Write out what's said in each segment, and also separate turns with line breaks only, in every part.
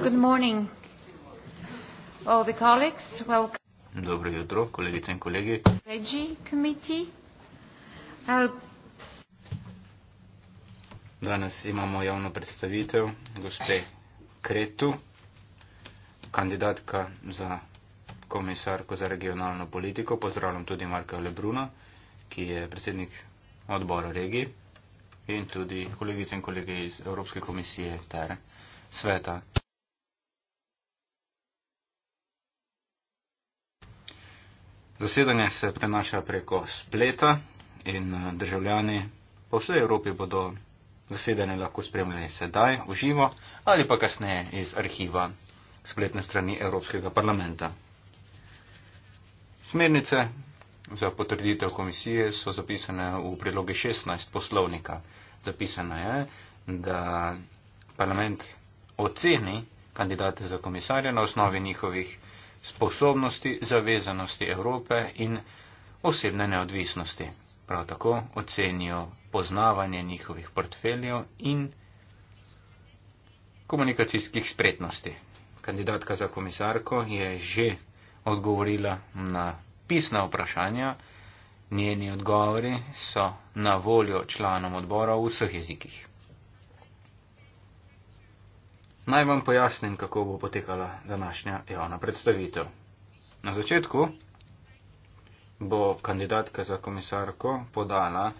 Good morning, all the colleagues. Welcome. Dobro jutro, kolegice in kolegi. Regi committee. Danes imamo javno predstavitev gospe Kretu, kandidatka za komisarko za regionalno politiko. Pozdravljam tudi Marka Lebruna, ki je predsednik odbora regij in tudi kolegice in kolege iz Evropske komisije ter sveta Zasedanje se prenaša preko spleta in eh, državljani po vsej Evropi bodo zasedanje lahko spremljali sedaj, v živo ali pa kasneje iz arhiva spletne strani Evropskega parlamenta. Smernice za potrditev komisije so zapisane v prilogi 16 poslovnika. Zapisano je, da parlament oceni kandidate za komisarja na osnovi njihovih sposobnosti zavezanosti Evrope in osebne neodvisnosti. Prav tako ocenijo poznavanje njihovih portfeljev in komunikacijskih spretnosti. Kandidatka za komisarko je že odgovorila na pisna vprašanja. Njeni odgovori so na voljo članom odbora v vseh jezikih. Naj vam pojasnim, kako bo potekala današnja javna predstavitev. Na začetku bo kandidatka za komisarko podala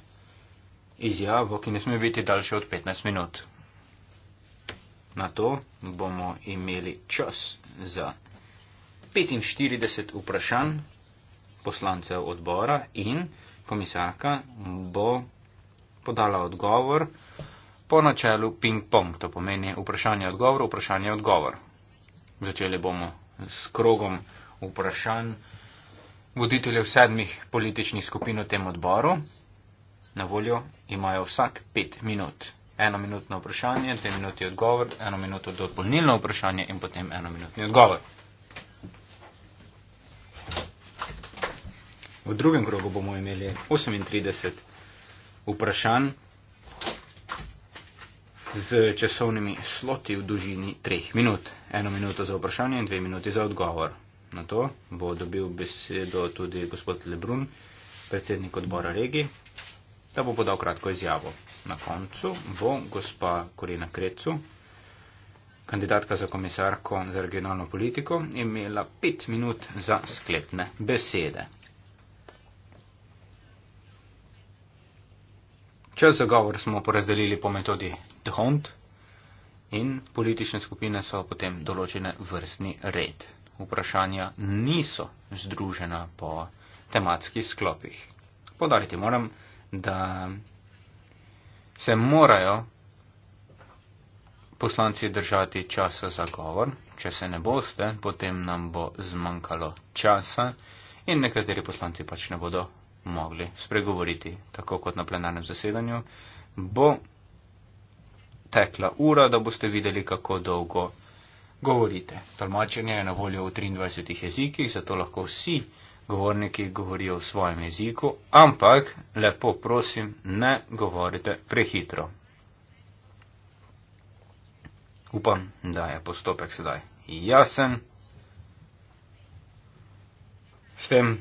izjavo, ki ne sme biti daljša od 15 minut. Na to bomo imeli čas za 45 vprašanj poslancev odbora in komisarka bo podala odgovor, po načelu ping-pong, to pomeni vprašanje odgovor, vprašanje odgovor. Začeli bomo s krogom vprašanj voditeljev sedmih političnih skupin v tem odboru. Na voljo imajo vsak pet minut. Eno minutno vprašanje, dve minuti odgovor, eno minuto dopolnilno vprašanje in potem eno minutni odgovor. V drugem krogu bomo imeli 38 vprašanj z časovnimi sloti v dužini treh minut. Eno minuto za vprašanje in dve minuti za odgovor. Na to bo dobil besedo tudi gospod Lebrun, predsednik odbora regi, da bo podal kratko izjavo. Na koncu bo gospa Korina Krecu, kandidatka za komisarko za regionalno politiko, imela pet minut za sklepne besede. Čas za govor smo porazdelili po metodi Dhond in politične skupine so potem določene vrstni red. Vprašanja niso združena po tematskih sklopih. Podariti moram, da se morajo poslanci držati časa za govor. Če se ne boste, potem nam bo zmanjkalo časa in nekateri poslanci pač ne bodo mogli spregovoriti, tako kot na plenarnem zasedanju, bo tekla ura, da boste videli, kako dolgo govorite. Tolmačenje je na voljo v 23 jezikih, zato lahko vsi govorniki govorijo v svojem jeziku, ampak lepo prosim, ne govorite prehitro. Upam, da je postopek sedaj jasen. S tem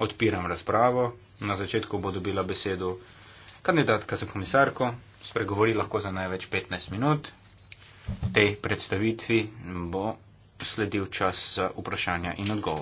Odpiram razpravo. Na začetku bo dobila besedo kandidatka za komisarko. Spregovori lahko za največ 15 minut. V tej predstavitvi bo sledil čas za vprašanja in odgovore.